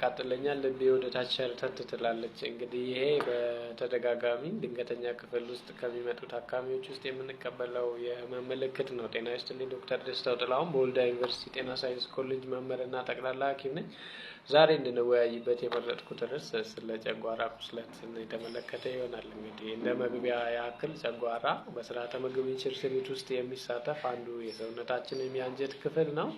ያቃጥለኛል፣ ልቤ ወደ ታች ሸርተት ትላለች። እንግዲህ ይሄ በተደጋጋሚ ድንገተኛ ክፍል ውስጥ ከሚመጡ ታካሚዎች ውስጥ የምንቀበለው የህመም ምልክት ነው። ጤና ይስጥልኝ። ዶክተር ደስታው ጥላሁን በወልዳ ዩኒቨርሲቲ ጤና ሳይንስ ኮሌጅ መምህርና ጠቅላላ ሐኪም ነኝ። ዛሬ እንድንወያይበት የመረጥኩት ርዕስ ስለ ጨጓራ ቁስለት የተመለከተ ይሆናል። እንግዲህ እንደ መግቢያ ያክል ጨጓራ በስርዓተ ምግብ እንሽርሽሪት ውስጥ የሚሳተፍ አንዱ የሰውነታችን የሚያንጀት ክፍል ነው።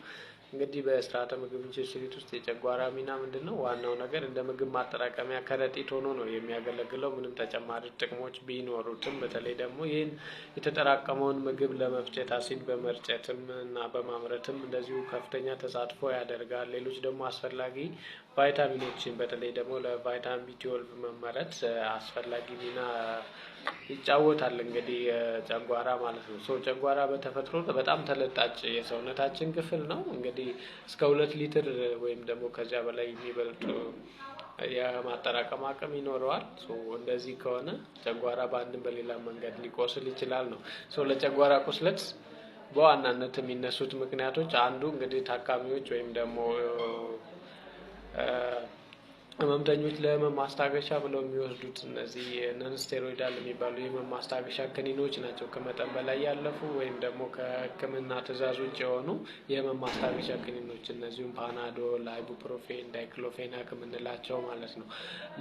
እንግዲህ በስርዓተ ምግብ ኢንስቲትዩት ውስጥ የጨጓራ ሚና ምንድን ነው? ዋናው ነገር እንደ ምግብ ማጠራቀሚያ ከረጢት ሆኖ ነው የሚያገለግለው። ምንም ተጨማሪ ጥቅሞች ቢኖሩትም፣ በተለይ ደግሞ ይህን የተጠራቀመውን ምግብ ለመፍጨት አሲድ በመርጨትም እና በማምረትም እንደዚሁ ከፍተኛ ተሳትፎ ያደርጋል። ሌሎች ደግሞ አስፈላጊ ቫይታሚኖችን በተለይ ደግሞ ለቫይታሚን ቢ መመረት አስፈላጊ ሚና ይጫወታል። እንግዲህ ጨጓራ ማለት ነው። ጨጓራ በተፈጥሮ በጣም ተለጣጭ የሰውነታችን ክፍል ነው እንግዲህ እስከ ሁለት ሊትር ወይም ደግሞ ከዚያ በላይ የሚበልጥ የማጠራቀም አቅም ይኖረዋል። እንደዚህ ከሆነ ጨጓራ በአንድም በሌላ መንገድ ሊቆስል ይችላል ነው። ለጨጓራ ቁስለት በዋናነት የሚነሱት ምክንያቶች አንዱ እንግዲህ ታካሚዎች ወይም ደግሞ ህመምተኞች ለህመም ማስታገሻ ብለው የሚወስዱት እነዚህ ነንስቴሮይዳል የሚባሉ የህመም ማስታገሻ ክኒኖች ናቸው። ከመጠን በላይ ያለፉ ወይም ደግሞ ከህክምና ትእዛዝ ውጭ የሆኑ የህመም ማስታገሻ ክኒኖች እነዚሁም ፓናዶል፣ አይቡፕሮፌን፣ ዳይክሎፌናክ የምንላቸው ማለት ነው።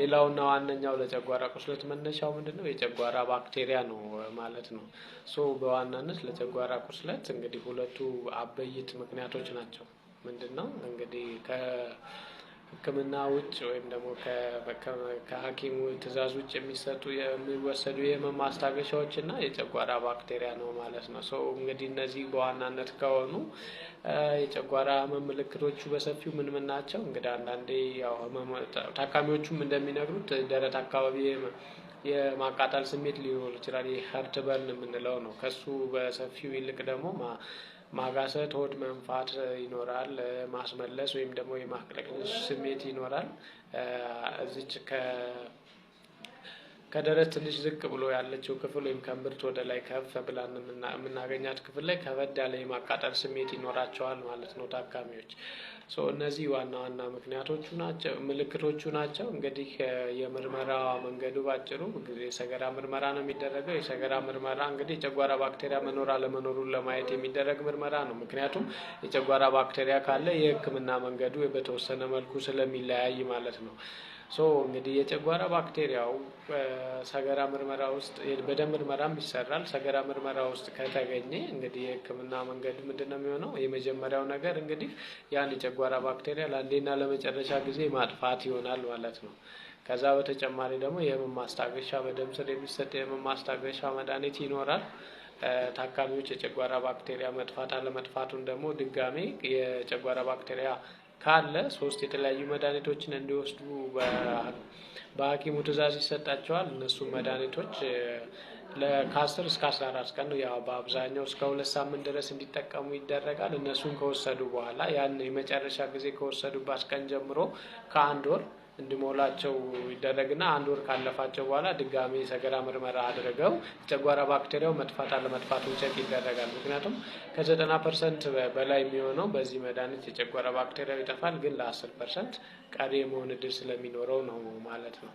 ሌላውና ዋነኛው ለጨጓራ ቁስለት መነሻው ምንድን ነው? የጨጓራ ባክቴሪያ ነው ማለት ነው። ሶ በዋናነት ለጨጓራ ቁስለት እንግዲህ ሁለቱ አበይት ምክንያቶች ናቸው። ምንድን ነው እንግዲህ ሕክምና ውጭ ወይም ደግሞ ከሐኪሙ ትእዛዝ ውጭ የሚሰጡ የሚወሰዱ የህመም ማስታገሻዎች እና የጨጓራ ባክቴሪያ ነው ማለት ነው። ሰው እንግዲህ እነዚህ በዋናነት ከሆኑ የጨጓራ ህመም ምልክቶቹ በሰፊው ምን ምን ናቸው? እንግዲህ አንዳንዴ ያው ታካሚዎቹም እንደሚነግሩት ደረት አካባቢ የማቃጠል ስሜት ሊኖር ይችላል። ይህ በርን የምንለው ነው። ከሱ በሰፊው ይልቅ ደግሞ ማጋሰት፣ ሆድ መንፋት ይኖራል። ማስመለስ ወይም ደግሞ የማቅለቅ ስሜት ይኖራል። እዚች ከ ከደረት ትንሽ ዝቅ ብሎ ያለችው ክፍል ወይም ከምብርት ወደ ላይ ከፍ ብላን የምናገኛት ክፍል ላይ ከበድ ያለ የማቃጠል ስሜት ይኖራቸዋል ማለት ነው ታካሚዎች። እነዚህ ዋና ዋና ምክንያቶቹ ናቸው፣ ምልክቶቹ ናቸው። እንግዲህ የምርመራ መንገዱ ባጭሩ የሰገራ ምርመራ ነው የሚደረገው። የሰገራ ምርመራ እንግዲህ የጨጓራ ባክቴሪያ መኖር አለመኖሩን ለማየት የሚደረግ ምርመራ ነው። ምክንያቱም የጨጓራ ባክቴሪያ ካለ የሕክምና መንገዱ በተወሰነ መልኩ ስለሚለያይ ማለት ነው። ሶ እንግዲህ የጨጓራ ባክቴሪያው ሰገራ ምርመራ ውስጥ በደም ምርመራም ይሰራል። ሰገራ ምርመራ ውስጥ ከተገኘ እንግዲህ የሕክምና መንገድ ምንድን ነው የሚሆነው? የመጀመሪያው ነገር እንግዲህ ያን የጨጓራ ባክቴሪያ ለአንዴና ለመጨረሻ ጊዜ ማጥፋት ይሆናል ማለት ነው። ከዛ በተጨማሪ ደግሞ የህመም ማስታገሻ በደም ስር የሚሰጥ የህመም ማስታገሻ መድኃኒት ይኖራል። ታካሚዎች የጨጓራ ባክቴሪያ መጥፋት አለመጥፋቱን ደግሞ ድጋሜ የጨጓራ ባክቴሪያ ካለ ሶስት የተለያዩ መድኃኒቶችን እንዲወስዱ በሐኪሙ ትእዛዝ ይሰጣቸዋል። እነሱ መድኃኒቶች ከአስር እስከ አስራ አራት ቀን ያው በአብዛኛው እስከ ሁለት ሳምንት ድረስ እንዲጠቀሙ ይደረጋል። እነሱን ከወሰዱ በኋላ ያን የመጨረሻ ጊዜ ከወሰዱባት ቀን ጀምሮ ከአንድ ወር እንዲሞላቸው ይደረግና አንድ ወር ካለፋቸው በኋላ ድጋሚ ሰገራ ምርመራ አድርገው የጨጓራ ባክቴሪያው መጥፋት አለመጥፋቱ ቸክ ይደረጋል። ምክንያቱም ከዘጠና ፐርሰንት በላይ የሚሆነው በዚህ መድኃኒት የጨጓራ ባክቴሪያው ይጠፋል፣ ግን ለአስር ፐርሰንት ቀሪ የመሆን እድል ስለሚኖረው ነው ማለት ነው።